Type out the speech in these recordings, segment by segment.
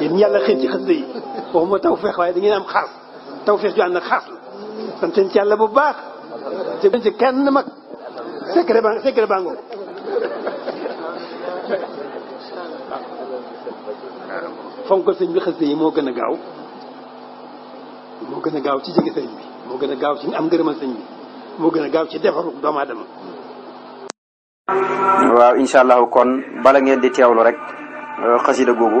yéen yàlla xëy ci xasida yi waxuma tawfeex waaye da ngeen am xaas tawfeex ju ànd ak xaas la santeen ci yàlla bu baax jëgn ci kenn mag secret ba secret baa bi xasida yi moo gën a gaaw moo gën a gaaw ci jege sëñ bi moo gën a gaaw ci am ngërëmal sëñ bi moo gën a gaaw ci defaru doomu aadama waaw incha allahu kon bala ngeen di teewlu rek euh, xasida googu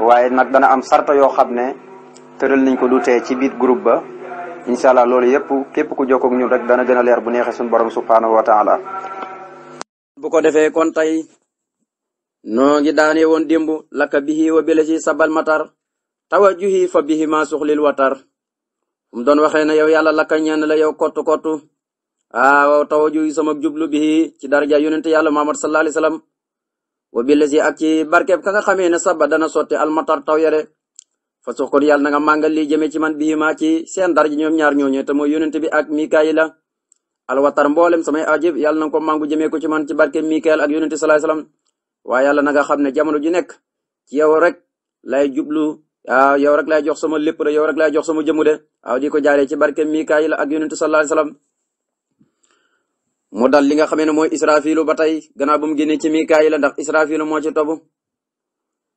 waaye nag dana am sarta yoo xam ne tëral nañ ko du tee ci biir groupe ba incha allah loolu yëpp képp ku jokkoog ñun rek dana gën a leer bu neexee suñu borom subhaanahu wa taala ko defee kon tey noo ngi daane woon démb lakka bihi wa bile si sabal matar tawajuhi fa bihi ma suxlil watar mu doon waxee ne yow yàlla lakka ñeen la yow kottu kottu waaw tawajuhi sama jublu bihi ci daraja yonente yàlla Muhammad sallallahu alayhi wasallam wa billazi ak ci barkeb ka nga xamee ne saba dana sotti almatar taw yare fa suux kon yàlla na nga màngal lii jëmee ci man biima ci seen dar ji ñoom ñaar ñooñee te mooy yonent bi ak mikaayila alwatar mboolem samay ajib yàlla na nga ko màngu jëmee ko ci man ci barkeb mikaayil ak yonent salaay salaam waaye yàlla nanga xam ne jamono ju nekk ci yow rek lay jublu waaw ah, yow rek lay jox sama lépp de yow rek lay jox sama jëmu de waaw di ko jaaree ci barkeb mikaayil ak yonent salaay salaam mu dal li nga xamee ne mooy israfilu ba tey gannaaw bu mu génnee ci mikaayil la ndax israfilu moo ci tobu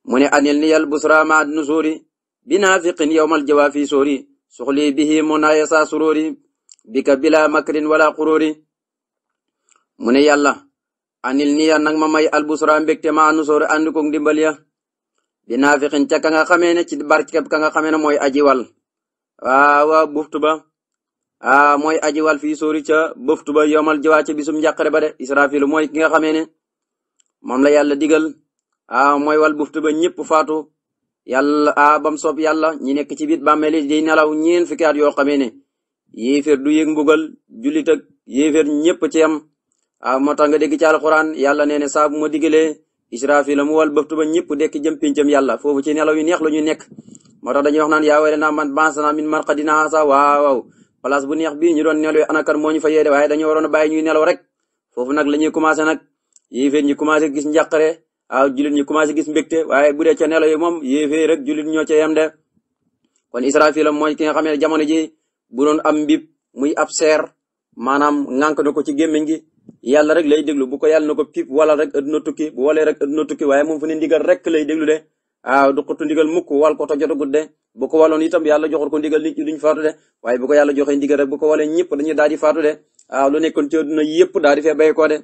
mu ne anil niyal busra ma nusuri bi naafiqin yowmal jawaafi sóori suxli bihi munaaya saa suróori bika bila makrin wala xuróori mu ne yàlla anil niya nag ma may albusra mbégte ma nusuri ànd ko ndimbal ya bi naafiqin ca ka nga xamee ne ci barkeb ka nga xamee ne mooy aji wal waaw waaw ba a ah, mooy aji wal fii sóori ca bëftu ba yomal jawaa ca bisum njàqare ba de israfilu mooy ki nga xamee ne moom la yàlla digal a ah, mooy wal bëftu ba ñëpp faatu yàlla a ah, bam soob yàlla ñi nekk ci biir bàmmeel di nelaw ñeen fukki at yoo xamee ne yéeféer du yëg mbugal jullit ak yéeféer ñëpp ci am a moo tax nga dégg ci alxuraan yàlla nee ne saa bu ma digalee israfilu mu wal bëftu ba ñëpp dekk jëm pincam yàlla foofu ci nelaw yi neex la ñu nekk moo tax dañuy wax naan yaa place bu neex bii ñu doon nelaw ana kan moo ñu fa yeede waaye dañoo waroon a bàyyi ñuy nelaw rek foofu nag la ñu commencé nag yéeféer ñu commencé gis njàqare waaw jullit ñu commencé gis mbégte waaye bu dee ca nelaw yi moom yéeféer rek jullit ñoo ca yem de kon Israafil mooy ki nga xam ne jamono ji bu doon am mbib muy ab seer maanaam ŋànk na ko ci gémmiñ gi yàlla rek lay déglu bu ko yàlla na ko pip wala rek adduna tukki bu walee rek adduna tukki waaye moom fu ne ndigal rek lay déglu de waaw du xutu mukk wal ko to jotagut de bu ko waloon itam yàlla joxul ko ndigal nit ñi duñ faatu de waaye bu ko yàlla joxee ndigal rek bu ko walee faatu de waaw lu nekkoon ci àdduna yëpp daal di fee bay ko de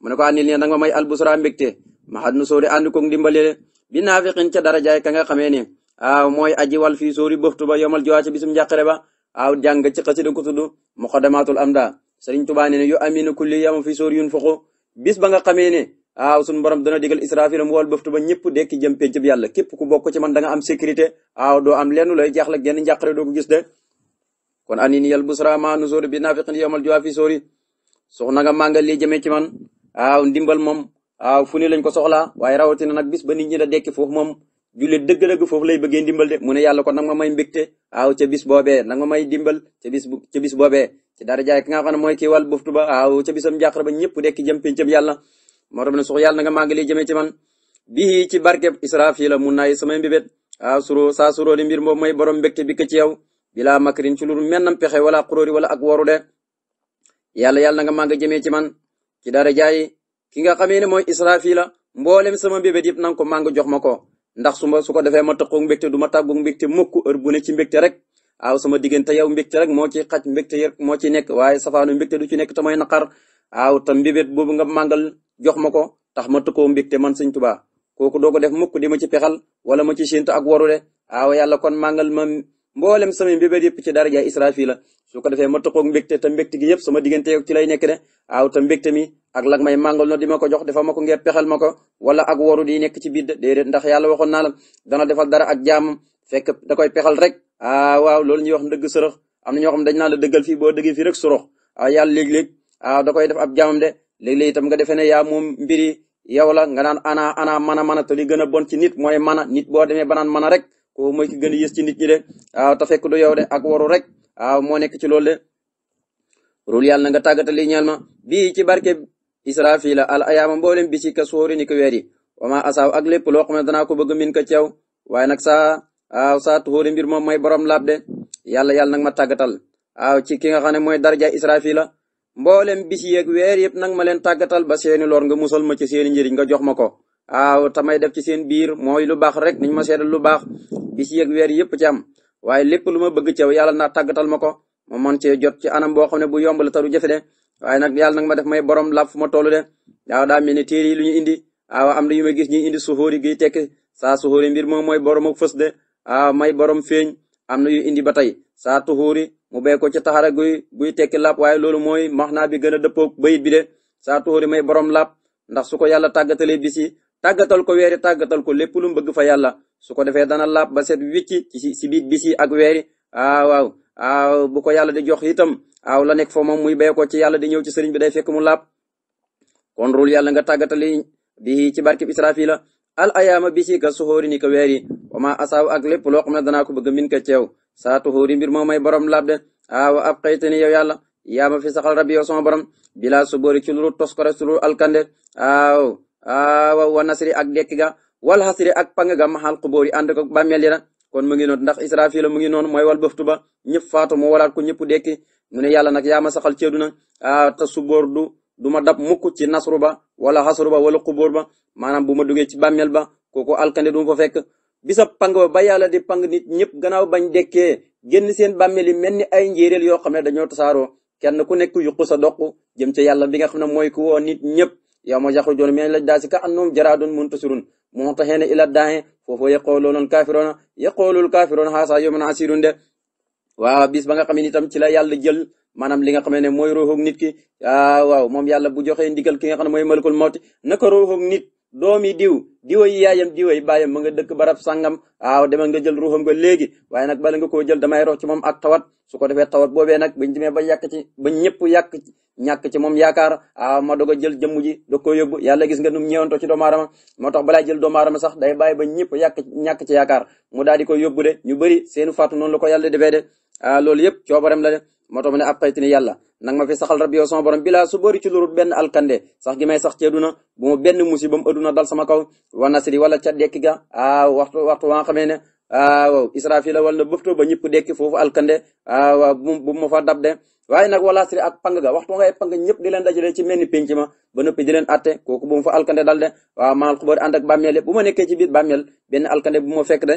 mu ne ko andil ne danga ma may albusra mbégte ma xat nu sóori ànd koog ndimbale ca dara jaay nga xamee ne waaw mooy aji wal fi sóori bëxtu ba yomal jiwaa ci bisum njàqare ba waaw jàng ci xasida ko tudd muqaddamatul amda Sëriñ Tuubaa ne yu amina kulli yama fii sóori yun foxo bis ba nga xamee aaw ah, suñu borom dana digal israfil mu wol bëftu ba ñëpp dekki jëm penc bi yàlla képp ku bokk ci man da nga am sécurité aaw ah, doo am lenn lay jaaxle genn njàqare doo ko gis de kon anini yal busra ma nusur bi nafiqin yawmal juafi sori soxna nga màngal li jëmee ci man aaw ah, ndimbal moom aaw fu ne lañ ko soxlaa waaye rawatina nag bis ba nit ñi da dekki foofu moom jullit dëgg-dëgg foofu lay bëggee ndimbal de mu ne yàlla kon nag ma may mbégte aaw ca bis boobee nag ma may dimbal ca bis ca bis boobee ci dara jaay ki nga xam ne mooy kii wàll buftu ba aaw bisam njàqare ñëpp dekki jëm pencam yàlla moo tax ne sox yàlla na nga màggali jëmee ci man bii ci barkeb Israfila mun naay samay mbibét a suro saa suroo li mbir moom mooy borom mbégte bi ko ci yow bilaa makarin ci lu mennam pexe wala xuróori wala ak waru de yàlla yàlla na nga màgg jëmee ci man ci dara jaay ki nga xamee ne mooy Israfila mboolem sama mbébét yëpp na nga ko màgg jox ma ko ndax su ma su ko defee ma tëqoog mbégte du ma tàggoog mbégte mukk heure bu ne ci mbégte rek aw sama diggante yow mbégte rek moo ci xaj mbégte rek moo ci nekk waaye safaanu mbégte du ci nekk te mooy naqar aaw tam mbébét boobu nga màngal jox ma ko tax ma tëkkoo mbégte man sëñ tubaa kooku doo ko def mukk di ma ci pexal wala ma ci séntu ak waru de aw yàlla kon màngal ma mboolem samay mbébét yëpp ci daraja israfila su ko defee ma tëkkoog mbégte te mbégte gi yëpp sama diggante ci lay nekk de aaw te mbégte ak lag may màngal di ma ko jox dafa ma ko ngir pexal ma ko wala ak waru di ci biir déedéet ndax yàlla waxoon naa la dana defal dara ak jaamam fekk da koy pexal rek ah waaw loolu ñuy wax ndëgg sërëx am na ñoo xam dañ naan la dëggal fi boo dëggee fi rek surox ah yàlla léeg-léeg ah da koy def ab jaamam de léeg-léeg nga defee ne yaa moom mbiri yow la nga naan ana ana mana mana te li gën a bon ci nit mooy mana nit boo demee banaan naan mana rek ko mooy ki gën a ci nit ñi de waaw ah, te fekk du yow de ak waru rek waaw ah, moo nekk ci loolu de rul yàlla na nga tàggatali ñeel ma bii ci barke israfila al a mboolem bi ci ka sóori ni ko weer yi wama asaaw ak lépp loo xam ne danaa ko bëgg min ko ceew waaye nag saa waaw ah, saa tuxóori mbir moom may borom laab de yàlla yàlla nag ma tàggatal ki nga xam ne mooy darja israfila mboolem bis yeeg weer yëpp nag ma leen tàggatal ba seeni loor nga musal ma ci seeni njëriñ nga jox ma ko ta may def ci seen biir mooy lu baax rek niñ ma seedal lu baax bis yeeg weer yëpp ci am waaye lépp lu ma bëgg caw yàlla naa tàggatal ma ko moom man cee jot ci anam boo xam ne bu yomb la taru jafe de waaye nag yàlla nag ma def may borom laaf fu ma toll de waaw daa mel ni téere yi lu ñu indi waaw am na yu ma gis ñuy indi suxóori gi tekki saa suxóori mbir moom mooy borom ak fës de waaw may borom feeñ am na yu indi ba tey saa mu bay ko ci taxara guy guy tekki làpp waaye loolu mooy max naa bi gën a dëppoog bayit bi de saa tuuri may borom làpp ndax su ko yàlla tàggatalee bis tàggatal ko weeri tàggatal ko lépp lu mu bëgg fa yàlla su ko defee dana làpp ba set wicci ci si biir bis yi ak weeri ah waaw ah bu ko yàlla di jox itam aw la nekk foo moom muy bay ko ci yàlla di ñëw ci sëriñ bi day fekk mu làpp kon rul yàlla nga tàggatali bi ci barkib Israfil la al ayaama bis yi ka suxóori ni ko weer yi wa ma ak lépp loo xam ne danaa ko bëgg min ka ceew saa tuxuuri mbir moom may borom laab de awa ah, ab xaytani yow yàlla yaa ma fi saxal rabbi yow sama borom bilaa suboori ci luru toskore su luru alkande aw ah, awa ah, wa nasri ak dekki ga wal xasri ak pang ga maxal xubóori ànd ko bàmmeel ya kon mu ngi noonu ndax israfila mu ngi noonu mooy wal bëftu ba ñëpp faatu mu walaat ko ñëpp dekki mu ne yàlla nag yaa ma saxal ceedu na a te subóor du du ma dab mukk ci nasru ba wala xasru ba wala xubóor ba maanaam bu ma duggee ci bàmmeel ba kooku alkande du ma fekk bisab pang ba ba yàlla di pang nit ñëpp gannaaw bañ dekkee génn seen bàmmeel yi mel ni ay njéeréel yoo xam ne dañoo tasaaroo kenn ku nekk yuqu sa doq jëm ca yàlla bi nga xam ne mooy ku woo nit ñëpp yo ma yaxrujuuna min al-ajdaasi ka annahum jaraadun muntasirun muntahiina ila daa'i foofu yaquuluuna al-kaafiruuna yaquulu al-kaafiruuna haazaa yawmun asiirun de waaw bis ba nga xam ne itam ci la yàlla jël nga xam ne mooy ruuxu nit ki bu joxee ndigal ki nga xam ne mooy malakul mawti naka ruuxu nit doomi diw diwa yi yaayam diwa yi baayam ma nga dëkk barab sangam waaw demal nga jël ruuxam nga léegi waaye nag bala nga koo jël damay rox ci moom ak tawat su ko defee tawat boobee nag bañ demee ba yàq ci ba ñëpp yàq ñàkk ci moom yaakaar waaw ma doog jël jëmm ji da koo yóbbu yàlla gis nga num ñëwantoo ci doomu aadama moo tax balaa jël doomu aadama sax day bàyyi ba ñëpp yàq ñàkk ci yaakaar mu daal ko yóbbu de ñu bëri seenu faatu noonu la ko yàlla defee de loolu yëpp coobaram la de moo tax mu ne ab xaytini yàlla nag ma fi saxal rabbi yow sama borom bilaa su bëri ci lurut benn alkande sax gi may sax ci aduna bu ma benn musibam aduna dal sama kaw wa nasri wala ca dekki ga a waxtu waxtu waa xamee ne waaw israfila wala bëfto ba ñëpp dekki foofu alkande waaw bu ma fa dab de waaye nag wala sri ak pang ga waxtu ngay pang ñëpp di leen dajale ci mel ni penc ma ba noppi leen atte kooku bu ma fa alkande dal de waaw maal xubar ànd ak bàmmeel bu ma nekkee ci biir bàmmeel benn alkande bu ma fekk de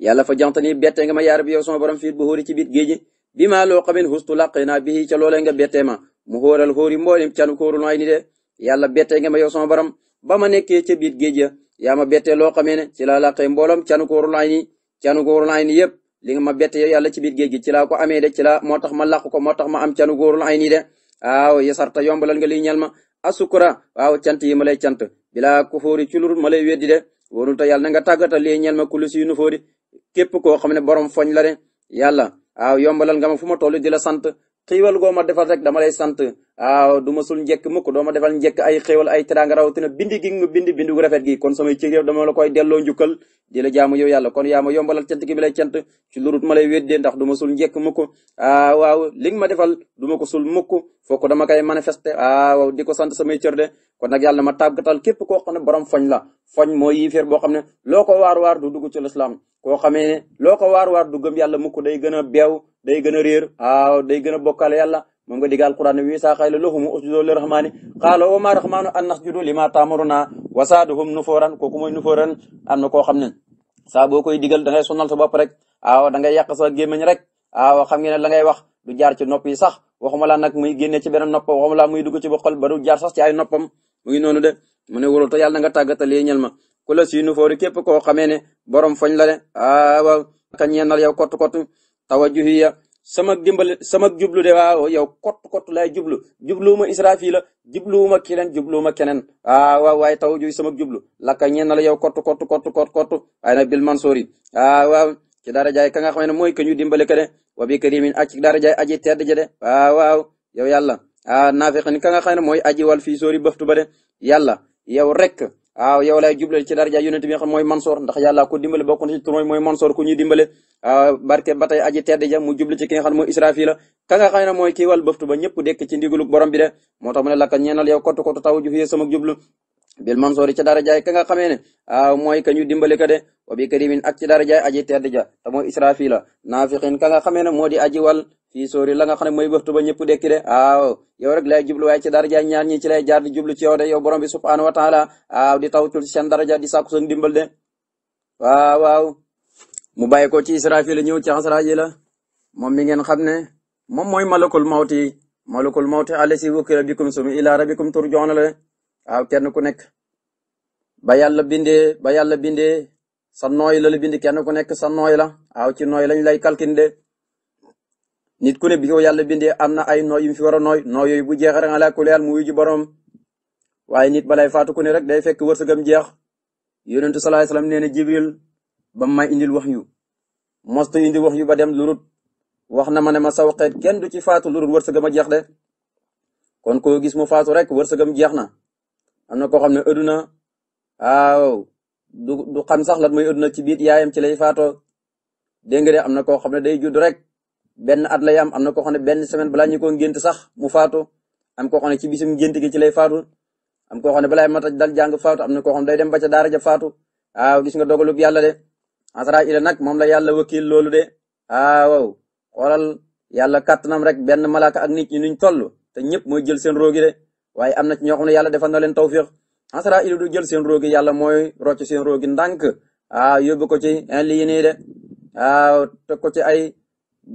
yàlla fa jantani bette nga ma yaar bi yow sama borom ci biir géej bi ma loo xamin hustu làqe na bii ca loolee nga bettee ma mu xóoral xóori mboolem canu kóorul ay ni de yàlla bettee nga ma yow baram ba ma nekkee ca biir géej ya yaa ma bettee loo xamee ne ci laa làqee mboolem canu kóorul ay ni canu kóorul ay yëpp li nga ma bettee yow yàlla ci biir géej gi ci laa ko amee de ci laa moo tax ma làq ko moo tax ma am canu kóorul ay ni de waaw yasarta yombalal nga li ñal ma asukura waaw cant yi ma lay cant bilaa ko xóori ci lur ma lay weddi de wóorul te yàlla na nga tàggatal li ñal ma kulu si nu fóori koo xam ne borom foñ la de yàlla waaw yombalal nga ma fu ma toll di la sant xiiwal goo ma defal rek dama lay sant waaw du ma sul njekk mukk doo ma defal njëkk ay xéewal ay teraanga rawatina bind gi nga bind bind gu rafet gi kon samay cër la koy delloo njukkal di la jaamu yow yàlla kon yaa ma yombalal cant gi bi lay cant ci lurut ma lay weddee ndax du ma sul njëkk mukk ah waaw li nga ma defal du ma ko sul mukk fokk dama koy manifeste ah waaw di ko sant samay cër de kon nag yàlla ma tàggatal képp koo xam ne borom foñ la foñ moo yiiféer boo xam ne loo ko waar waar du dugg ci lislaam koo xamee ne loo ko waar waar du gëm yàlla mukk day gën a beew day gën a réer ah day gën a bokkaale yàlla moom nga digga alquran ne wi saa xayla lahumu usjudu li rahmani qaala wa ma rahmanu an nasjudu lima taamuruna wa zaaduhum nufuran kooku mooy nufuran am na koo xam ne saa boo koy digal da ngay sonal sa bopp rek aaw da ngay yàq sa gémmiñ rek aaw xam ngeen ne la ngay wax du jaar ci nopp yi sax waxuma la nag muy génne ci beneen noppam waxuma la muy dugg ci ba xol ba ay noppam mu noonu de mu ne wóorul yàlla na nga tàggatalee ñel ma ku la si nufoori képp koo xamee ne borom foñ la de aaw ka kot yow kott kott tawajjuhiya sama dimbal sama jublu de waaw yow kott kott laay jublu jubluwuma israfila jubluwuma kilen jubluwuma keneen ah waaw waaye taw juy sama jublu lakka ñeen na la yow kott kott kott kott kott waaye nag bil mansuri ah waaw ci darajaay ka nga xam ne mooy ka ñu dimbale ka de wa bi karimin ak ci darajaay aji tedd ja de waaw ah, waaw yow yàlla ah naafiqin ka nga xam ne mooy aji wal fii sóori bëftu ba de yàlla yow rek waaw yow lay jublal ci daraja yonent bi nga xam Mansoor ndax yàlla ko dimbale bokk na ci tur Mansoor ku ñuy dimbale barke ba tey aji mu jublu ci ki nga xam mooy Israfila ka nga ka ñeenal dimbale ka de bi karimin ak ci darajaay aji tedd ja te mooy Israfila naafiqin di aji wal fii sóori la nga xam ne mooy waxtu ba ñëpp dekki de aaw yow rek lay jublu waaye ci daraja ñaar ñi ci lay jaar di jublu ci yow de yow borom bi subhaanahu aaw di taw ci seen daraja di sàkku seen dimbal de waaw waaw mu bàyyi ko ci Israafil ñëw ci Asraajila moom mi ngeen xam ne moom mooy malakul mawti malakul mawti allasi wukila bikum suma ila rabbikum turjoona la waaw kenn ku nekk ba yàlla bindee ba yàlla bindee sa nooy la la bind kenn ku nekk sa nooy la waaw lañ lay kalkin nit ku bi ko yàlla bindee am na ay nooy yu mu fi war nooy nooy yooyu bu jeexee rek alaa kulli haal mu wuyu borom waaye nit balay faatu ku ne rek day fekk wërsëgam jeex yonentu sallallahu alayhi wasallam nee na jibril ba may indil wax yu mostu indil wax yu ba dem lurut wax na ma ne ma saw xeet kenn du ci faatu lurut wërsëgam a jeex de kon koo gis mu faatu rek wërsëgam jeex na am na koo xam ne ëdduna waaw du xam sax lan mooy ëdduna ci biit yaayam ci lay faatoo dégg nga de am na koo xam ne day judd rek benn at lay am am na ko xam ne benn semaine balaa ñu ko ngént sax mu faatu am koo xam ne ci bisum ngént gi ci lay faatu am koo xam ne balaa mat a dal jàng faatu am na koo xam ne day ba ca daara ja faatu waaw gis nga dogalub yàlla de Asraayila nag moom la yàlla wakil loolu de waaw xoolal yàlla kàttanam rek benn malaka ak nit ñi nuñ toll te ñëpp mooy jël seen roogi de waaye am na ci ñoo xam ne yàlla defal na leen tawfiq Asraayila du jël seen roogi yàlla mooy rocc seen roogi ndànk waaw yóbbu ko ci lii nii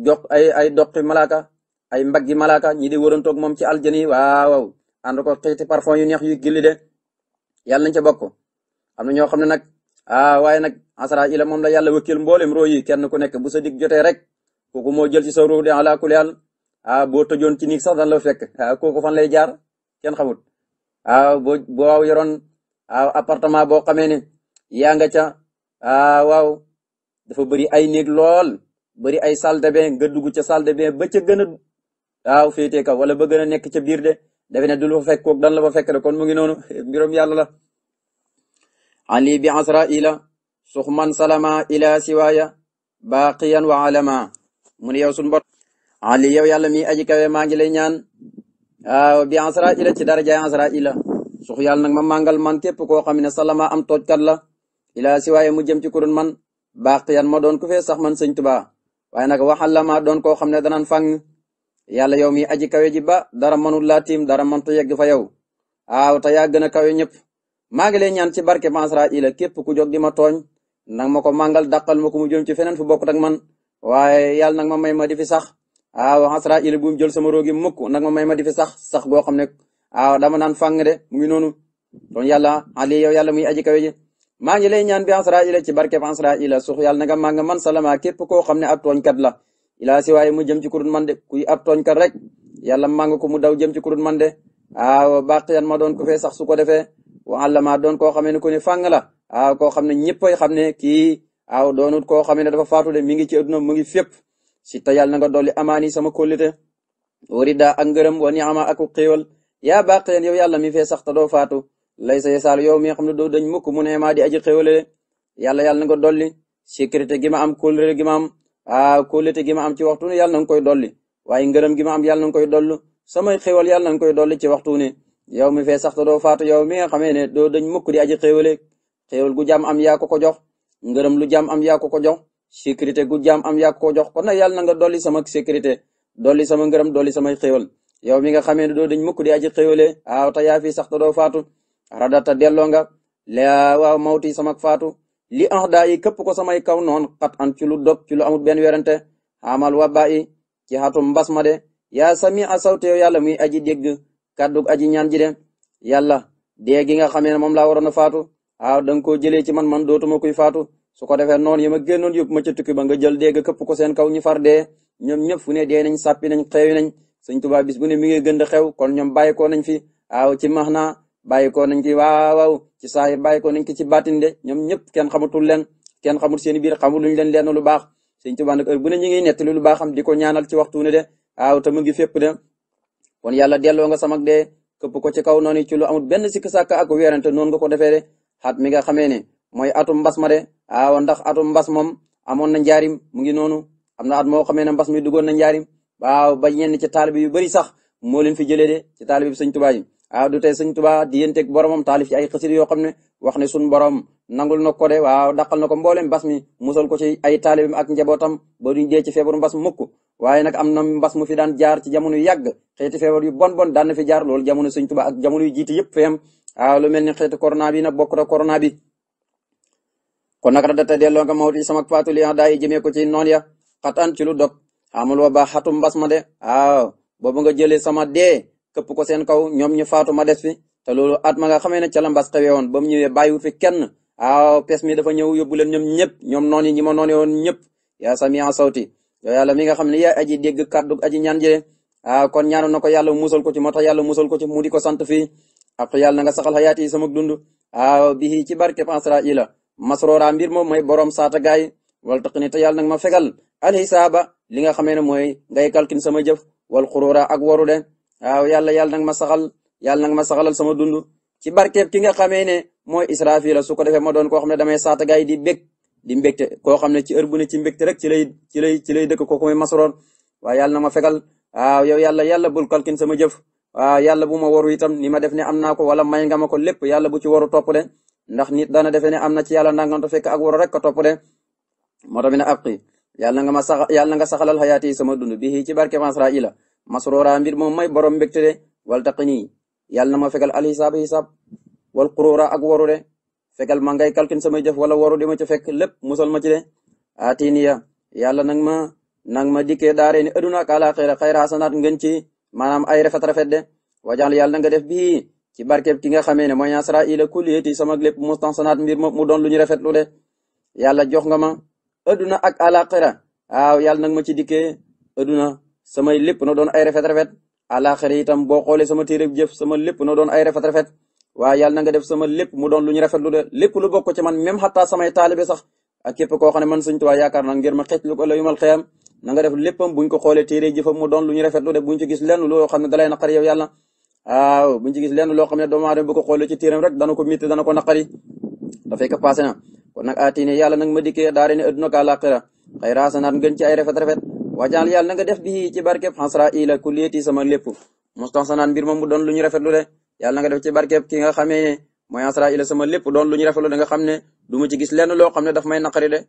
jox ay ay doqi malaaka ay mbaggi malaaka ñi di wërantoog moom ci aljani waaw waaw ànd ko xeeti parfum yu neex yu gilli de yàlla nañ ca bokk am na ñoo xam ne nag ah waaye nag asraila moom la yàlla wëkkil mboolem roo yi kenn ku nekk bu sa dig jotee rek kooku moo jël ci sa roo de ala kulli haal ah boo tojoon ci niig sax dan la fekk ah fan lay jaar kenn xamut ah boo boo yoroon ah appartement boo xamee ne yaa nga ca ah, waaw dafa bëri ay néeg lool bëri ay salle de nga dugg ca salle de ba ca gën a waaw féetee wala ba gën nekk ca biir de defe ne du lu fa fekk kook dan la fa fekk de kon mu ngi noonu mbirum yàlla la ali bi asraila man salama ila siwaaya baqiyan wa alama mu ne yow sun bot ali yow yàlla mi aji kawe maa ngi lay ñaan waaw bi asraila ci darajaay asraila sux yàlla nag ma màngal man képp koo xam ne salama am toojkat la ila siwaaya mu jëm ci kurun man baqiyan ma doon ku fee sax man sëñ tubaa waaye nag waxal la maa doon koo xam ne danan fang yàlla yow mi aji kawe ji ba dara mënul laa tiim dara mënut yegg fa yow aaw te yaa gën kawe ñëpp maa ngi lay ñaan ci barke Bani Israa'iila képp ku jog di ma tooñ nag ma ko màngal dàqal ma ko mu jëm ci feneen fu bokk ak man waaye yàlla nag ma may ma di fi sax aaw Israa'iila bu mu jël sama roogi mukk nag ma may ma di fi sax sax goo xam ne aaw dama naan fang de mu ngi noonu doon yàlla ali yow yàlla muy aji kawe ji maa ngi lay ñaan bi ansraila ci barkeb ansraila suux yàlla na nga màgg man salama képp koo xam ne ab tooñkat la ilaa si waaye mu jëm ci kurun man de kuy ab tooñkat rek yàlla màgg ko mu daw jëm ci kurun man de aaw baqiyan ma doon ko fee sax su ko defee wala ma doon koo xamee ne ku ne fàng la aaw koo xam ne ñëppay xam ne kii aaw doonut koo xam ne dafa faatu de mi ngi ci adduna mu ngi fépp si ta yàlla na nga dolli amaani sama kóllite warida ak ngërëm wa niama ak xéewal yaa baqiyan yow yàlla mi fee sax ta doo faatu lay sa yesaal yow mi nga xam ne doo dañ mukk mu ne maa di aji xéwale yàlla yàlla na nga dolli sécurité gi ma am kóolute gi ma am ah gi ma am ci waxtu ne yàlla na nga koy dolli waaye ngërëm gi ma am yàlla na nga koy dollu samay xéwal yàlla na nga koy dolli ci waxtu ne yow mi fee sax te doo faatu yow mi nga xamee ne doo dañ mukk di aji xéwale xéwal gu jàmm am yaa ko ko jox ngërëm lu jàmm am yaa ko jox sécurité gu jam am yaa ko jox kon nag yàlla na nga dolli sama sécurité dolli sama ngërëm dolli samay xéwal yow mi nga xamee ne doo dañ mukk di aji xéwale ah te yaa sax te doo radata delloo nga la waaw mawti sama faatu li ax daa yi képp ko samay kaw noon xat an ci lu dog ci lu amul benn werante amal wa bàyyi ci xatu mbas ma de yaa sami a sawte yow yàlla muy aji dégg kàddu aji ñaan ji de yàlla dee gi nga xamee ne moom laa waroon a faatu ah da nga koo jëlee ci man man dootuma kuy faatu su ko defee noonu yi ma génnoon yëpp ma ca tukki ba nga jël dégg këpp ko seen kaw ñu far dee ñoom ñëpp fu ne dee nañ sàppi nañ xewi nañ sëñ Tuubaa bis bu ne mi ngi gën di xew ñoom bàyyi nañ fi bàyyi ko nañ ci waaw waaw ci saahir bàyyi ko nañ ko ci baatin de ñoom ñëpp kenn xamatul leen kenn xamul seen biir xamul luñ leen leen lu baax sëñ Tuubaa nag heure bu ne ñu ngi nettali lu baax di ko ñaanal ci waxtu ne de aw ta mu ngi fépp de kon yàlla delloo nga samag de këpp ko ci kaw noonu ci lu amut benn sikk sàkk ak weerante noonu nga ko defee de xaat mi nga xamee ne mooy atum mbas ma de waaw ndax atum mbas moom amoon na njaarim mu ngi noonu am na at moo xamee ne mbas mi duggoon na njaarim waaw ba ñenn ci taalibe yu bari sax moo leen fi jëlee de ci taalibe bi sëñ Tuubaa yi waaw du tey sëñ Tuubaa diyanteeg boromam taalif ci ay xasir yoo xam ne wax ne suñ borom nangul na ko de waaw daqal na ko mboolem mbas mi musal ko ci ay taalibam ak njabootam ba duñ dee ci feebaru mbas mukk waaye nag am na mbas mu fi daan jaar ci jamono yu yàgg xeeti feebar yu bon bon daan na fi jaar loolu jamono sëñ Tuubaa ak jamono yu jiite yëpp fi am lu mel ni xeetu corona bi nag bokk na corona bi kon nag radata delloo nga mawti sama faatu li daa yi jëmee ko ci noon ya ci lu dog amul wa ba xatu mbas ma de boobu nga jëlee sama dee këpp ko seen kaw ñoom ñu faatu ma des fi te loolu at ma nga xamee ne ca la mbas xewee woon ba mu ñëwee bàyyiwu fi kenn aaw pes mi dafa ñëw ñoom ñëpp ñoom noon yi ñi ma woon ñëpp yaa samia sawti yow yàlla mi nga xam ne aji dégg kàddu aji ñaan jee aaw ko yàlla musal ko ci moo ko ci mu di ko sant fii ak yàlla na nga saxal xayaat yi sama dund aaw bii ci barke Israila masroora mbir moom mooy borom saata gaay wal taq ni te yàlla nag ma fegal alxisaaba li nga xamee ne mooy ngay kalkin sama jëf wal xuruura ak waru de waaw yàlla yàlla nanga ma saxal yàlla nanga ma saxalal sama dund ci barkeeb ki nga xamee ne mooy israfila su ko defee ma doon koo xam ne damay saata gaay di bég di mbégte koo xam ne ci heure bu ne ci mbégte rek ci lay ci lay ci lay dëkk kooku muy masroor waaye yàlla na ma fegal waaw yow yàlla yàlla bul kalkin sama jëf waaw yàlla bu ma waru itam ni ma def ne am naa ko wala may nga ma ko lépp yàlla bu ci waru topp de ndax ni dana defe ne am na ci yàlla nangam te fekk ak waru rek ko topp de moo tax ne aqi yàlla nga ma sax yàlla nga saxalal xayaati sama dund bii ci barke Israila masroora mbir moom may borom mbégte de wal taqini yàlla na ma fegal al hisaab hisaab wal qurura ak waru de fegal ma ngay kalkin samay jëf wala waru di ma ci fekk lépp musal ma ci de atiniya yàlla nag ma nag ma dikkee daare ni aduna ak alaxira xayra xasanaat ngeen ci maanaam rafet rafet de wajaal yàlla nga def bii ci barkeb ki nga xamee ne mooy Israa'iila kulliyati sama lépp mustansanaat mbir moom mu doon lu ñu rafetlu de yàlla jox nga ma aduna ak alaxira waaw yàlla nag ma ci dikkee aduna samay lépp na doon ay rafet rafet àlaaxira itam boo xoolee sama téere jëf sama lépp na doon ay rafet rafet waaye yàlla na nga def sama lépp mu doon lu ñu rafetlu de lu bokk ci man même xataa samay taalibe sax ak képp koo xam ne man Sëñ Tuubaa yaakaar naa ngir ma xëcc lu nga def léppam buñ ko xoolee téere jëfam mu doon lu ñu rafetlu de buñ ci gis lenn loo xam ne dalay naqar yow yàlla buñ lenn loo xam ne doomu aadama bu ko xoolee ci téeram rek dana ko mitti dana ko naqari da fekk passé na kon nag aatini yàlla nag ma dikkee daare ne adduna ka laqira xayra sanat ngeen ci ay rafet wajaal yàlla na nga def bi ci barkeb xasra ila kulliyati sama lépp mustaxsanaan mbir moom mu doon lu ñu rafetlu de yàlla na def ci barkeb ki nga xamee mooy xasra ila sama lépp doon lu ñu rafetlu de nga xam ne du mu ci gis lenn loo xam ne daf may naqari de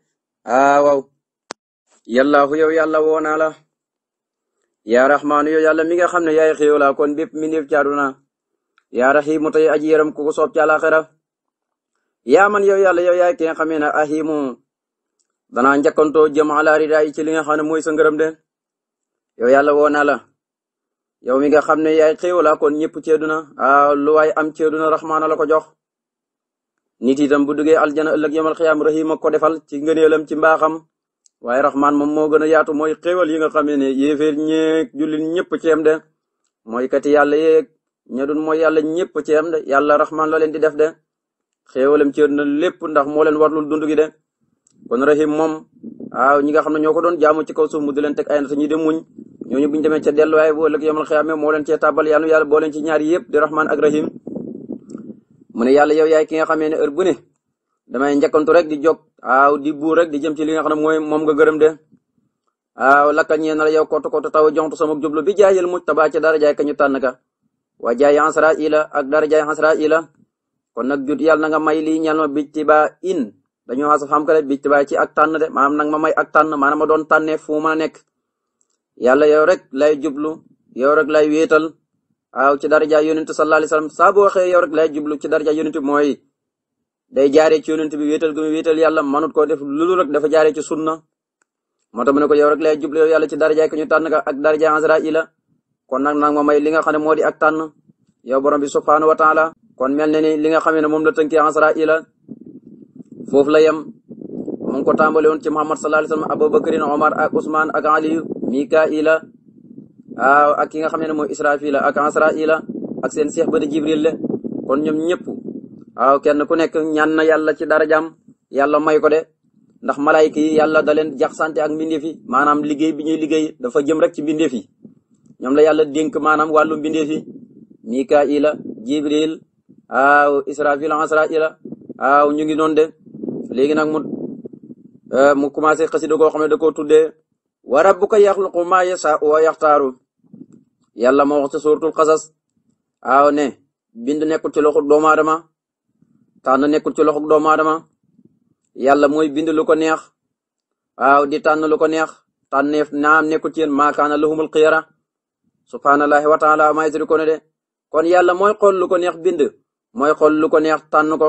ah waaw yàllaahu yow yàlla woo naa la yaa raxmaanu yow yàlla mi nga xam ne kon bépp mi néef caadu naa yaa raxiimu tey aji yërëm ko soob ci àlaxira yaa man yow yàlla yow yaay ki nga xamee ne danaa njëkkantoo jëm ala ridaay ci li nga xam ne mooy sa ngërëm de yàlla woo naa la yow mi nga xam ne yaay xéewalaa kon ñëpp ceeduna a ah, lu waay am ceeduna raxmaana la ko jox nit itam bu duggee aljana ëllëg yomal xiyaam rahima ko defal ci ngëneelam ci mbaaxam waaye raxmaan moom moo gën a yaatu mooy xéewal yi nga xam ne yéeféer ñeeg ñëpp ceem de mooy kati yàlla yeeg ña dun mooy yàlla ñëpp ceem de yàlla raxmaan la leen di def de xéewalam ceeduna lépp ndax moo leen warlul dund gi kon rahim moom a ñi nga xam ne ñoo ko doon jaamu ci kaw suuf mu di leen teg ay nata ñi de muñ ñooñu buñu demee ca delluwaay bu ëllëg yomal xiyaame moo leen cee tàbbal yàlla yàlla boo leen ci ñaari yëpp mu ne yàlla yow yaay ki nga xamee ne heure bu damay njëkkantu rek di jog waaw di buur rek di jëm ci li nga xam ne mooy moom nga gërëm de waaw lakka ñee na la yow kott kott taw jontu sama jublu bi jaayal mu tabaa ci dara jaay ka ñu tànn ka waa jaay ansara ila ak dara jaay ansara ila kon nag jut yàlla na nga may lii ñal ma bi tiba dañoo xas xam ko de bi tibaay ci ak tànn de maanaam nag ma may ak tànn maanaam ma doon tànnee fu ma nekk yàlla yow rek lay jublu yow rek lay wéetal waaw ci daraja yonent sallallahu alayhi wasallam saa bu waxee yow rek lay jublu ci mooy day jaaree ci yonent bi wéetal gu mu wéetal yàlla manut koo def lulu rek dafa jaaree ci sunna moo tax mu ne ko yow rek lay jublu yow yàlla ci daraja ki ñu tànn ka ak daraja Azraila kon nag nag ma may li nga xam ne moo di ak tànn yow borom bi subhanahu wa kon mel na ni li nga xam ne moom la tënkee Azraila foofu la yem ko tàmbale woon ci Muhammad sallallahu alayhi wa sallam Abubakarin ak Ousmane ak Aliyu Mikaila ah, ak ki nga xam ne mooy Israfila ak Asraila ak seen seex ba di Jibril la kon ñoom ñëpp waaw kenn ku nekk ñaan na yàlla ci darajam yàlla may ko de ndax malayka yi yàlla da leen jax sante ak mbindeef yi maanaam liggéey bi ñuy liggéey dafa jëm rek ci mbindeef yi ñoom la yàlla dénk maanaam wàllu mbindeef yi Mikaila Jibril waaw ah, Israfila Asraila waaw ah, ñu ngi noonu de léegi nag mu euh, mu commencé xasida goo xam ne da koo tuddee wa rabbuka yaxluqu ma yasha wa yaxtaaru yàlla moo wax ci suuratul ne bind nekkul ci loxo doomu aadama tànn nekkul ci loxo doomu aadama yàlla mooy bind lu ko neex waaw di tànn lu ko neex tànneef naam nekkul ci yéen maa kaana lahumul xiyara subhaanallahi wa taala maa yusrikuuna de kon yàlla mooy xool lu ko neex bind mooy xool lu ko neex tànn ko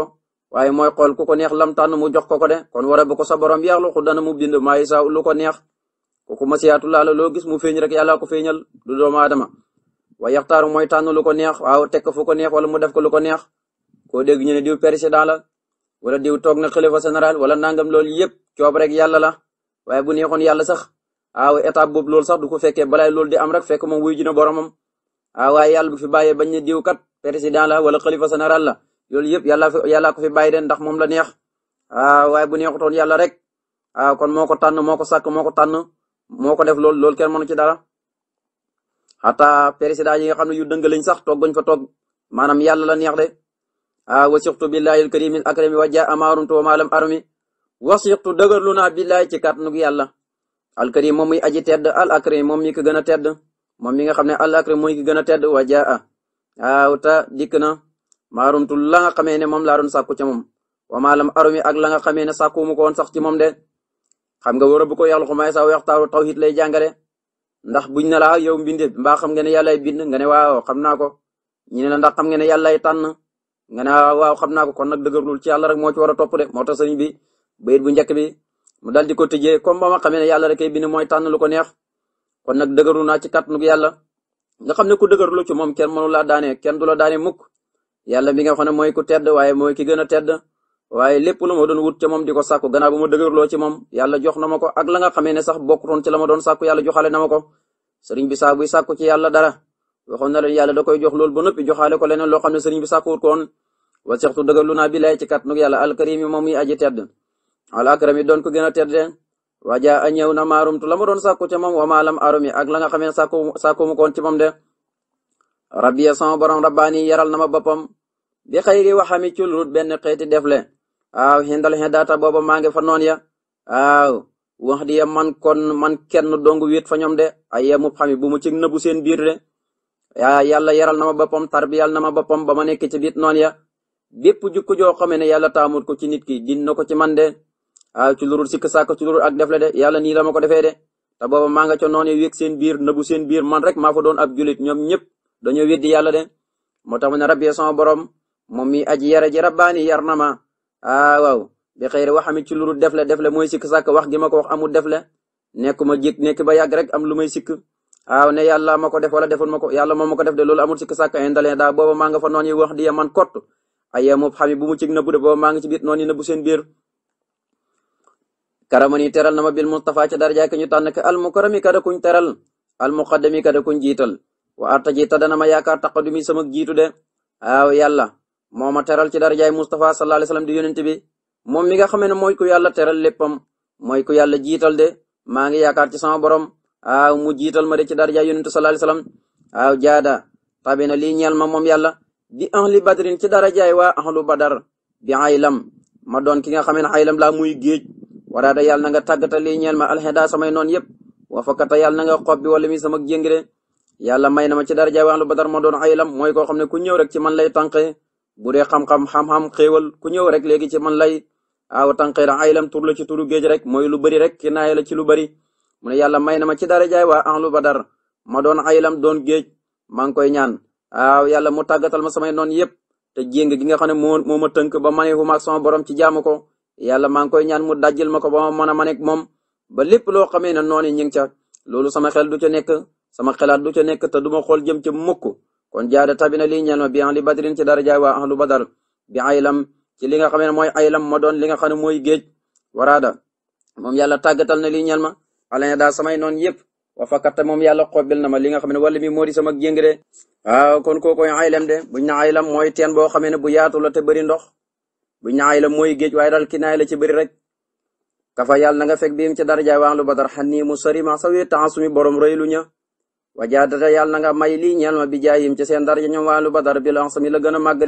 waaye mooy xool ku ko neex lam tànn mu jox ko ko de kon wara bu ko sa borom yàlla xu dana mu bind maa saa lu ko neex ko masiyaatu laa la loo gis mu feeñ rek yàlla ko feeñal du doomu aadama waaye yaxtaaru mooy tànn lu ko neex waaw teg ko fu ko neex wala mu def ko lu ko neex koo dégg ñu diw président la wala diw toog na xalifa général wala nangam loolu yëpp coob rek yàlla la waaye bu neexoon yàlla sax waaw étape boobu lool sax du ko fekkee balaay loolu di am rek fekk moom wuy ji na boromam waaw waaye yàlla bu fi bàyyee bañ ne kat président la wala xalifa général la loolu yëpp yàlla yàlla ko fi bàyyi den ndax moom la neex ah, waaye bu neexutoon yàlla rek ah, kon moo ko tànn moo ko sàkk moo ko tànn moo ko def loolu loolu kenn mënu ci dara xataa président yi nga xam ne yu dëng lañ sax toog bañ fa toog maanaam yàlla la neex de ah, wasiqtu billahi alkarim alakrami wa jaa amaarumtu wa maalam armi wasiqtu dëgërlu naa billahi ci kàttanug yàlla alkarim moom muy aji tedd al akrim moom mi ko gën a tedd moom mi nga xam ne al akrim mooy ki gën a tedd wa jaa awta dikk na maarumtu tu nga xamee ne moom laa doon sàkku ca moom wa maalam arumi ak la nga xamee ne sàkku mu ko woon sax ci moom de xam nga wara bu ko yàlla xumaay sax waxtaaru tawhid lay jàngale ndax buñ ne laa yow mbindeef mbaa xam nga ne yàllaay bind nga ne waaw xam naa ko ñu ne la ndax xam nga ne yàllaay tànn nga ne ah, waaw xam naa ko kon nag dëgërlul ci yàlla rek moo ci war a topp de moo tax sëriñ bi bayit bu njëkk bi mu dal di ko tëjee comme ba ma xamee ne yàlla rek bind mooy tànn lu ko neex kon nag dëgërlu na ci kàttanu yàlla nga xam ne ku dëgërlu ci moom kenn mënu laa daane kenn du la daane mukk yalla bi nga xam ne mooy ku tedd waaye mooy ki a tedd waaye lépp lu ma doon wut ca moom di ko sàkku gannaaw bu ma dëgërloo moom yàlla jox na ma ko ak la nga xamee ne sax bokkutoon ci la ma doon sàkku yàlla joxaale na ma ko sëriñ bi saa loolu ba noppi joxaale ko ko woon wasextu dëgërlu naa bi lay ci kat nug yàlla alkarimi moom muy aji tedd al akrami doon ko a tedde waja a ñëw na maarumtu la ma doon sàkku ca moom wa maalam arumi ak la nga xamee sàkku sàkku mu koon ci moom de rabbiya sama borom rabbaani yaral na ma boppam bi xayri waxami ci lu benn xeeti def le waaw xindal xindaata booba maa ngi fa noon ya waaw wax di ya man kon man kenn dong wéet fa ñoom de ay ya mu xami bu mu ci nëbbu seen biir de yaa yàlla yaral na ma boppam tarbiyal na ma boppam ba ma nekk ci biit noon ya bépp jukku joo xamee ne yàlla taamut ko ci nit ki din na ko ci man de waaw ci lurul sikk sàkk ci lurul ak def le de yàlla nii la ma ko defee de te booba maa nga ca noonu wéeg seen biir nëbu seen biir man rek maa fa doon ab julit ñoom ñëpp moom mi aji yara ji rabbaani yar na ma ah waaw bi xëyri wax amit ci luru def le def le mooy sikk sàkk wax gi ma ko wax amul def le nekkuma jékk nekk ba yàgg rek am lu may sikk waaw ne yàlla ma ko def wala deful ma ko yàlla moo ma ko def de loolu amul sikk sàkk indalee daa booba maa nga fa noonu wax di man kott aye moom xam bu mu cig nëbbu de booba maa ngi ci biir noonu nëbbu seen biir teral na ma bil mustafa ci dara ka ñu tànn ka al mukarami kada kuñ teral al muqaddami kada kuñ jiital wa artaji ta dana ma yaakaar taqadumi sama jiitu de yàlla moo ma teral ci darajaay Moustapha sallallahu alayhi wa sallam di yonent bi moom mi nga xamee ne mooy ku yàlla teral léppam mooy ku yàlla jiital de maa ngi yaakaar ci sama borom aaw mu jiital ma de ci darajaay yonent sallallahu alayhi wa sallam aaw jaada tabina lii ñeel ma moom yàlla bi ahli badrin ci darajaay waa ahlu badar bi aylam ma doon ki nga xamee ne aylam laa muy géej waraada yàlla na nga tàggata lii ñeel ma alxeda samay noon yëpp wafakata yàlla na nga xob bi wala mi sama jéngire yàlla may na ma ci darajaay waa ahlu badar ma doon aylam mooy koo xam ne ku ñëw rek ci man lay tànqee bu dee xam-xam xam-xam ku ñëw rek léegi ci man lay aw tànqeera aylam tur la ci turu géej rek mooy lu bëri rek ki naay la ci lu bëri mu ne yàlla may na ma ci dara darajaay waa ba badar ma doon a aylam doon géej maa ngi koy ñaan aw yàlla mu tàggatal ma samay noon yëpp te jéng gi nga xam ne moo moo ma tënk ba maneeku ma ak sama borom ci jaamu ko yàlla maa koy ñaan mu dajjil ma ko ba ma mën a maneek moom ba lépp loo xamee ne noonu ñu ngi ca loolu sama xel du ca nekk sama xelaat du ca nekk te du ma xool jëm ca mukk kon jaada tabina lii ñeel ma bi ahli badrin ci darajaay waa ahlu badar bi aylam ci li nga xam ne mooy aylam ma doon li nga xam ne mooy géej waraada moom yàlla tàggatal na lii ñeel ma alañ daa samay noon yëpp wa fakkatte moom yàlla xobbil na ma li nga xam ne wala mi moo di sama jéngre waaw kon kookoy aylam de buñ na aylam mooy teen boo xamee ne bu yaatu la te bëri ndox buñ na aylam mooy géej waaye daal kinaay la ci bëri rek kafa yàlla na nga fekk biim ci darajaay waa ahlu badar xan nii mu sari ma sawee taasumi borom lu ña wajaadata yàlla na nga may lii ñeel ma bi jaayim ci seen daraja ñoom wàllu badar bi lan sami la gën a màgg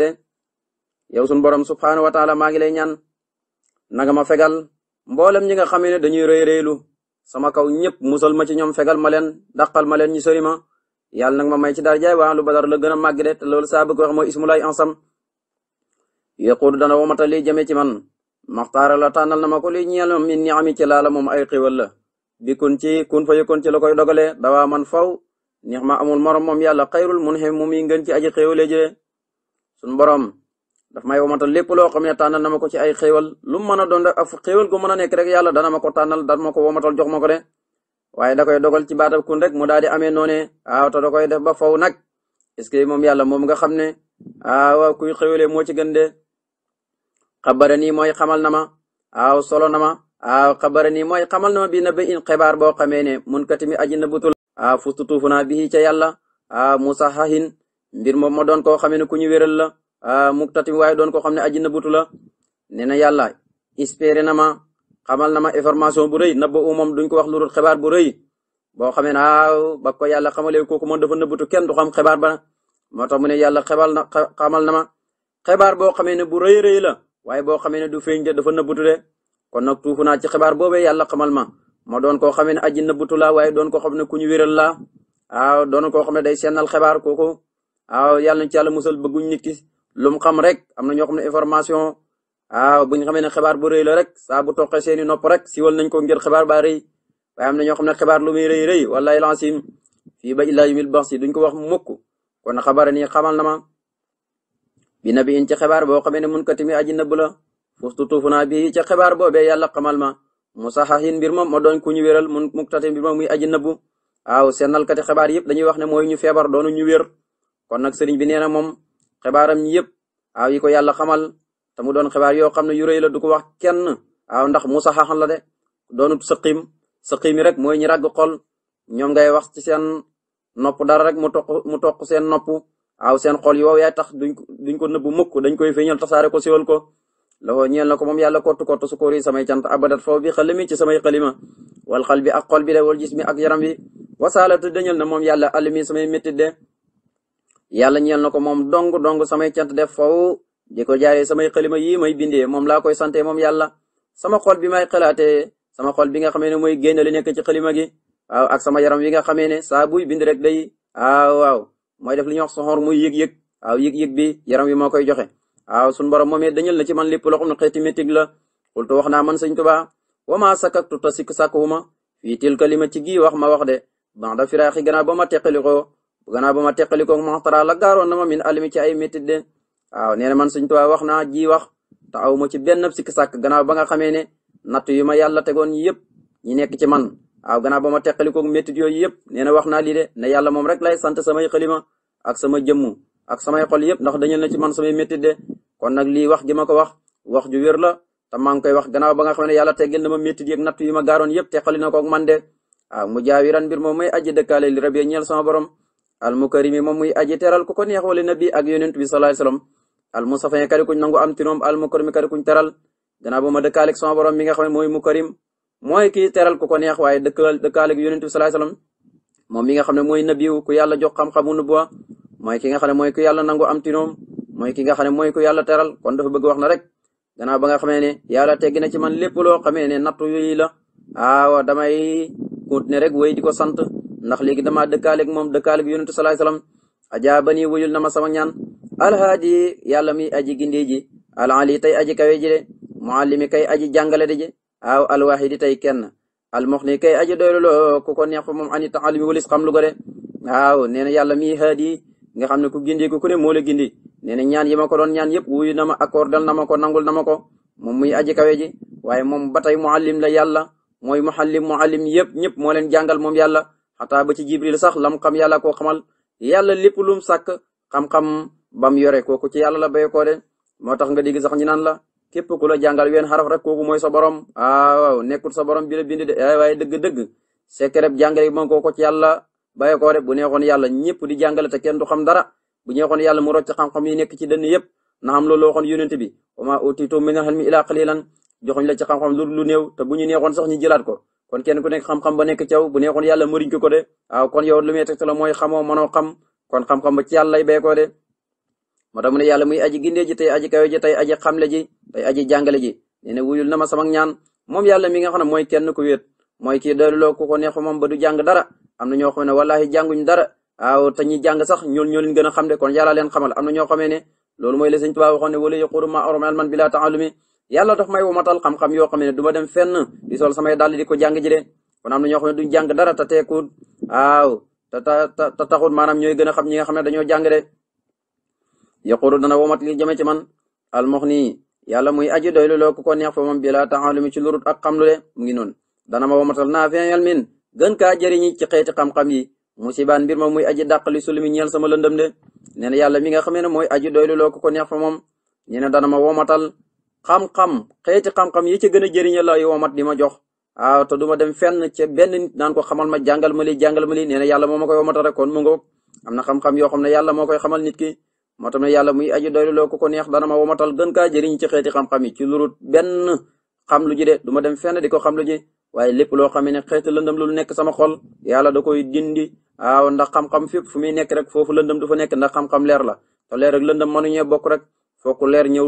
borom subhaanahu wa taala maa ngi lay ñaan nanga ma fegal mboolem ñi nga xamee ne dañuy rëy rëylu sama kaw ñëpp musal ma ci ñoom fegal ma leen dàqal ma leen ñu sori ma yàlla nag ma may ci darajaay wàllu badar la gën a màgg de te loolu saa bëgg wax mooy ismulaay ansam yaquudu dana womata li jëmee ci man maxtaara la tànnal na ma ko lii ñeel ma min ni ami ci laala la neex ma amul morom moom yàlla xayrul munhim mu muy ngën ci aji xéewale jëlee suñ borom daf may womatal lépp loo xam ne tànnal na ma ko ci ay xéewal lu mu mën a doon rek ak xéewal mën a nekk rek yàlla dana ma ko tànnal dana ma ko womatal jox ma ko de waaye da koy dogal ci baatab kun rek mu daal di amee noonee waaw te da koy def ba faw nag est-ce que moom yàlla moom nga xam ne waaw kuy xéewale moo ci gën de ni nii mooy xamal na ma waaw solo na ma waaw xabara nii mooy xamal na ma bi na ba in xibaar boo xamee ne mun kati a fustutu fu naa bii ca yàlla a musa hahin mbir moom ma doon koo xamee ne ku ñu wéral la a muktati waaye doon koo xam ne na nabutu la nee na yàlla espéré na ma xamal na ma information bu rëy nabba u moom duñ ko wax lu dul xibaar bu rëy boo xamee ne aaw ba ko yàlla xamalee kooku na butu nëbbutu kenn du xam xibaar ba moo tax mu ne yàlla xebal na xamal na ma xibaar boo xamee ne bu rëy rëy la waaye boo xamee ne du feeñ de dafa butu de kon nag tuufu naa ci xibaar boobee yàlla xamal ma ma doon koo xamee ne aji nëbbutu laa waaye doon ko xam ne ku ñu wéral laa waaw doon koo xam ne day sennal xibaar kooku aw yàlla nañ ci yàlla musal bëgguñ nit ki lu mu xam rek am na ñoo xam ne information waaw bu ñu xamee ne xibaar bu rëy la rek saa bu toqee seeni nopp rek si siwal nañ ko ngir xibaar ba rëy waaye am na ñoo xam ne xibaar lu muy rëy rëy wallahi lansim fii ba illaa yumil bax si duñ ko wax mukk kon xabaar nii xamal na ma bi nabi in ci xibaar boo xamee ne mun katimi aji nëbb la fustu tuufu naa bi ci xibaar boobee xamal ma musaxaxin mbir moom moo doon ku ñu wéral mun muktati mbir moom muy aji nëbbu waaw sennalkati xibaar yëpp dañuy wax ne mooy ñu feebar doonu ñu kon nag sëriñ bi nee na moom xibaaram yëpp waaw yi ko yàlla xamal te mu doon xibaar yoo xam ne yu rëy la du ko wax kenn waaw ndax musaxaxan la de doonut sëqim sëqim yi rek mooy ñi ràgg xol ñoom ngay wax ci seen nopp dara rek mu toq mu toq seen nopp waaw seen xol yi wow yaay tax duñ ko duñ ko nëbbu mukk dañ koy feeñal tasaare ko siwal ko lawoo ñeel na ko moom yàlla kottu kottu su kóor yi samay cant abadat foofu bi xalimi ci samay xalima wal xal bi ak xol bi de wal gis mi ak yaram bi wasaalata dañal na moom yàlla alimi samay métti de yàlla ñeel na ko moom dong dong samay cant def faw di ko jaaree samay xalima yii may bindee moom laa koy sante moom yàlla sama xol bi may xalaatee sama xol bi nga xamee ne mooy génn li nekk ci xalima gi ak sama yaram wi nga xamee ne saa bind rek day waaw waaw def li ñuy wax soxor muy yëg-yëg waaw yëg bi yaram wi moo koy joxe waaw sunu borom moom it dañal na ci man lépp loo xam ne xeeti métig la xultu wax naa man sëñ Tuubaa wa maa sakaktu ta sikk sàkkuwuma fii tilka li ma ci gii wax ma wax de banda firaaxi gannaaw ba ma teqalikoo gannaaw ba ma teqalikoo maxtara la gaaroon na ma min alimi ci ay métit de waaw nee na man sëñ Tuubaa wax naa ji wax te aw ma ci benn sikk sàkk gannaaw ba nga xamee ne natt yu ma yàlla tegoon yëpp ñi nekk ci man waaw gannaaw ba ma teqalikoo métit yooyu yëpp nee na wax naa lii de na yàlla moom rek lay sant samay xalima ak sama jëmmu ak samay xol yëpp ndax dañal na ci man samay métit kon nag lii wax gi ma ko wax wax ju wér la te maa ngi koy wax gannaaw ba nga xam ne yàlla teggeel na ma métti yeeg natt yi a gaaroon yëpp teqali na ko ak man de ah mu jaawiran mbir moom muy aji dëkkaale li rabbi ñeel sama borom al moom muy aji teral ku ko neex wala nabi ak yonent bi sallallahu alayhi wasallam al musafa karikuñ nangu am ti noom al mukarimi karikuñ teral gannaaw ba ma dëkkaale ak sama borom mi nga xam ne mooy mukarim mooy kii teral ko ko neex waaye dëkkal dëkkaale ak yonent bi sallallahu alayhi wasallam moom mi nga xam ne mooy nabiw ku yàlla jox xam-xamu nubuwa mooy ki nga xam ne mooy ku yàlla nangu am ti noom mooy ki nga xam ne mooy ku yàlla teral kon dafa bëgg wax na rek gannaaw ba nga xamee ne yàlla teggi na ci man lépp loo xamee ne nattu yooyu la aawa damay ne rek wéy di ko sant ndax léegi damaa dëkkaaleeg moom dëkkaaleeg yonente salaay salaam ajaabani wuyul na ma sama ñaan alhaadi yàlla mi aji gindee ji alali tey aji kawe ji de muallimi kay aji jàngale de ji aw alwaxidi tey kenn almuxni kay aji doyluloo ku ko neex moom ani taalimi walis xam lu ko de waaw nee na nga xam ne ku gindee ko ku ne moo la gindi nee ñaan yi ma ko doon ñaan yëpp wuyu na ma accordal na ma ko nangul na ma ko moom muy aji kawe ji waaye moom ba tey muallim la yàlla mooy muallim muallim yëpp ñëpp moo leen jàngal moom yàlla xataa ba ci jibril sax lam xam yàlla koo xamal yàlla lépp lum sàkk xam-xam bam yore ko ci yàlla la béy koo de moo tax nga diggi sax ñu naan la képp ku la jàngal ween xaraf rek kooku mooy sa borom ah waaw nekkul sa borom bi la de eh, waaye dëgg-dëgg secret jàngale moom kooku ci yàlla bàyyi ko de bu neexoon yàlla ñëpp di jàngale te kenn du xam dara bu neexoon yàlla mu rocc xam-xam yi nekk ci dënn yëpp na xam loolu waxoon yonent bi wa maa utiitum minal ilmi illaa qaliilan joxuñ la ci xam-xam lu lu néew te bu ñu neexoon sax ñu jëlaat ko kon ken ku nekk xam-xam ba nekk caw bu neexoon yàlla mëriñ ko ko de waaw kon yow lu muy tegtal mooy xamoo mënoo xam kon xam-xam ba ci yàlla lay bàyyi ko de moo tax mu ne yàlla muy aji gindee ji tey aji kawe ji tey aji xamle ji tey aji jàngale ji nee na ma sama ñaan moom yàlla mi nga xam ne mooy kenn ku wéet mooy kii doyloo ku ko neexu moom ba du jàng dara am na ñoo xam ne wallahi jànguñ dara waaw ñi jàng sax ñool ñoo a xam de kon yàlla leen xamal am na ñoo xamee ne mooy la sëñ Tuubaa ne wala yaqulu ma arum ilman bila ta'allumi yàlla daf may womatal xam-xam yoo xam ne du ma dem fenn di sol samay dàll di ko jàng ji de kon am na ñoo xam ne maanaam ñooy gën a xam ñi nga xam ne dañoo jàng de yaqulu dana womat li jëme ci man al muxni yàlla muy aji doylu loo ku ko neex fa moom bila ta'allumi ci lurut ak xamlu de mu ngi noonu dana ma womatal naa fi ilmin gën kaa jëriñi ci xeeti xam-xam yi musibaan mbir ma muy aji dàqali su limi ñeel sama lëndëm de nee na yàlla mi nga xamee ne mooy aji doylu loo ko ko neex fa moom nee na dana ma womatal xam-xam xeeti xam-xam yi ci gën a jëriñe lay womat di ma jox waaw te du ma dem fenn ca benn nit naan ko xamal ma jàngal ma li jàngal ma li nee na yàlla moo ma koy womatal rek kon mu ngoog am na xam-xam yoo xam ne yàlla moo koy xamal nit ki moo tam ne yàlla muy aji doylu loo ko ko neex dana ma womatal gën kaa jëriñ ci xeeti xam-xam yi ci lurut benn xam lu ji de du dem fenn di ko xam lu ji waaye lépp loo xam ne xeetu lëndëm lu nekk sama xol yàlla da koy dindi waaw ndax xam-xam fépp fu muy nekk rek foofu lëndëm du fa nekk ndax xam-xam leer la te leer rek lëndëm mënuñee bokk rek fokk leer ñëw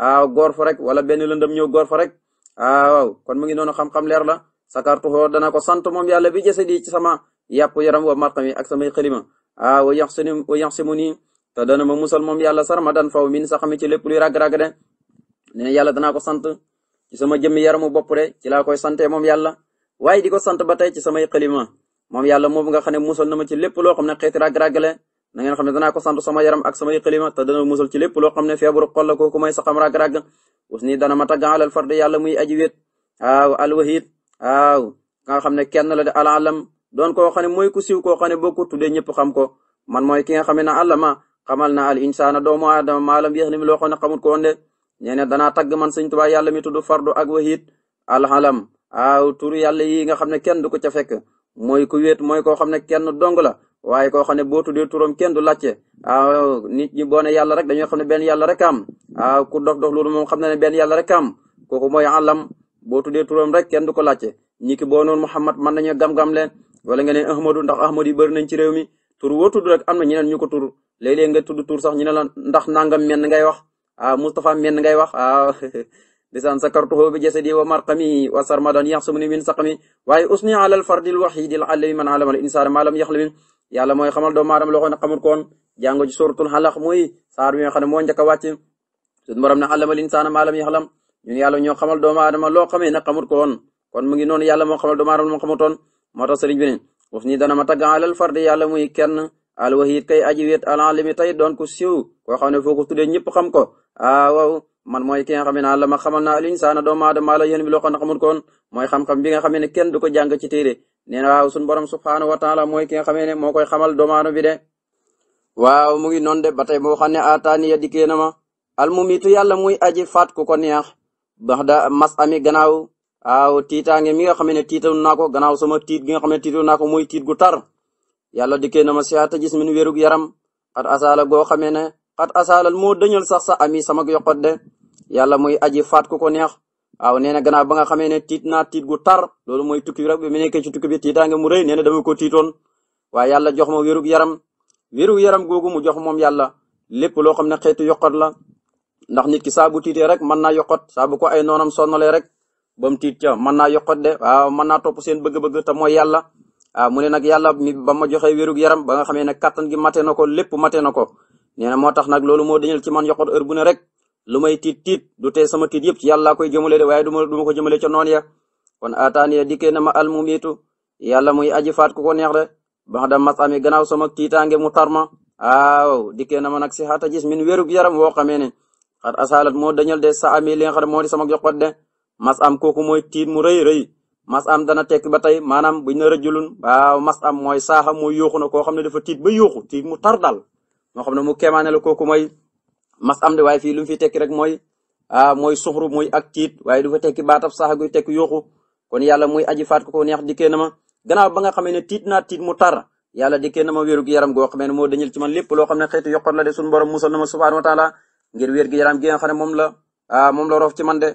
waaw góor fa rek wala benn lëndëm ñëw góor fa rek waaw kon mu ngi noonu xam-xam leer la sakartuhoo dana ko sant moom yàlla bi jëse di ci sama yàpp yaram wa marqami ak samay xalima waaw wa yaxsini wa yaxsimu ni te dana ma musal moom yàlla sarmadan faw min saxami ci lépp luy ràgg-ràgg danaa ko sant ci sama jëmmi yaramu bopp de ci laa koy sante moom yàlla waaye di ko sant ba tey ci samay xalima moom yàlla moom nga xam ne musal na ma ci lépp loo xam ne xeeti ràgg-ràggale na ngeen xam ne danaa ko sama yaram ak samay xalima te dana musal ci lépp loo xam ne feebaru xol la ko ku may saxam ràgg-ràgg us nii dana ma tagg alal fard muy aji wéet waaw alwahid waaw nga xam ne kenn la de alalam doon koo xam ne mooy ku siiw koo xam ne bokku tuddee ñëpp xam ko man mooy ki nga xam ne na àllama xamal na al insaana doomu aadama maalam yéex ni mi loo xam ne ko woon nee na danaa tagg man sëñ Tuubaa yàlla mi tudd fardu ak wahid alxalam aw tur yàlla yi nga xam ne kenn du ko ca fekk mooy ku wéet mooy koo xam ne kenn dong la waaye koo xam ne boo tuddee turam kenn du làcce aw nit ñi boo ne yàlla rek dañoo xam ne benn yàlla rek am ku dof dof loolu moom xam na ne benn yàlla rek am kooku mooy alam boo tuddee turam rek kenn du ko làcce ñi ki boo noonu Muhammad mën nañu gam-gam leen wala nga ne ahmadu ndax ahmadu yi bëri nañ ci réew mi tur woo tudd rek am na ñeneen ñu ko tur léeg-léeg nga tudd tur sax ñu ne la ndax nangam menn ngay wax ah Moustapha menn ngay wax ah lisan sakartuhu bi jasadi wa marqami wa sarmadan yaxsumuni min saqami waaye usni ala al fardil wahidil allami man alama al insana ma lam yaxlami yàlla mooy xamal doomu aadama loo ko ne xamul koon jàngo ci suratul xalaq muy saar bi nga xam ne moo njëkk a wàcc suñu borom ne allama al insana ma lam yaxlam ñoo xamal doomu aadama loo xamee ne xamul koon kon mu ngi noonu yàlla moo xamal doomu aadama moo xamutoon moo tax sëriñ bi ne usni dana ma tagg alal fardi yàlla muy kenn al wahid kay aji wéet al alami tey doon ku siiw ne foo ko tuddee ñëpp xam ko Ah, waaw man mooy ki nga xam ne naa la ma xamal naa alinsaana doomu aadama la yéen bi loo xam ne mooy xam-xam bi nga xam ne kenn du ko jàng ci téere nee na waaw suñu borom subhaanahu wa mooy ki nga xam ne moo koy xamal doomu aadama bi de waaw mu ngi noonu de ba tey boo xam ne aataani ya dikkee na ma almumitu yàlla muy aji faat ku ko neex bax da mas ami gannaaw waaw tiitaange mi nga xam ne tiital naa ko gannaaw sama tiit gi nga xam ne tiital naa ko muy tiit gu tar yàlla dikkee na ma siyaata gis min wérug yaram at asaala goo xamee ne xat asaalal moo dañal sax sa ami sama yokkot de yàlla muy aji faat ku ko neex waaw nee na gannaaw ba nga xamee ne tiit naa tiit gu tar loolu mooy tukki rek bi mu nekkee ci tukki bi tiitaange mu rëy nee na dama ko tiitoon waaye yàlla jox ma wérug yaram wérug yaram googu mu jox moom yàlla lépp loo xam ne xeetu yokkot la ndax nit ki saa bu rek mën naa yokkot saa bu ko ay noonam sonnalee rek ba mu tiit ca mën naa yokkot de waaw mën naa topp seen bëgg-bëgg te mooy yàlla waaw mu ne nag yàlla mi ba ma joxee wérug yaram ba nga xamee ne kattan gi mate na ko lépp mate na ko nee na moo tax nag loolu moo dañal ci man yokkut heure bu ne rek lu may tiit tiit du tee sama tiit yëpp ci yàlla koy jëmale de waaye du ma du ko jëmale ca noon ya kon ataaniya dikkee na ma al mu miitu yàlla muy aji faat ku ko neex de ba da mas ami gannaaw sama tiitaange mu tarma aaw dikkee na ma nag si xaata gis min wérug yaram woo xamee ne xat moo dañal de sa ami li xam ne moo di sama yokkut de am kooku mooy tiit mu rëy rey mas am dana tekki ba tey maanaam buñ na rëjulun waaw mas am mooy saaxa mooy yooxu na koo xam ne dafa tiit ba yuuxu tiit mu tar dal moo xam ne mu kéemaane la kooku mooy mas am de waaye fii lu fi tekki rek mooy a ah, mooy suxru muy ak tiit waaye du fa tekki baatab sax guy tekki yooxu kon yàlla muy aji faat ko ko neex dikkee na ma gannaaw ba nga xamee ne tiit naa tiit mu tar yàlla dikkee na ma wéeru yaram goo xamee ne moo dañal ci man lépp loo xam ne xeetu yokkoon la de suñu borom musal na ma subhaanahu wa taala ngir wéer gi yaram gi nga xam ne moom la ah, moom la roof ci man de